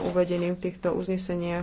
uvedeným v týchto uzneseniach.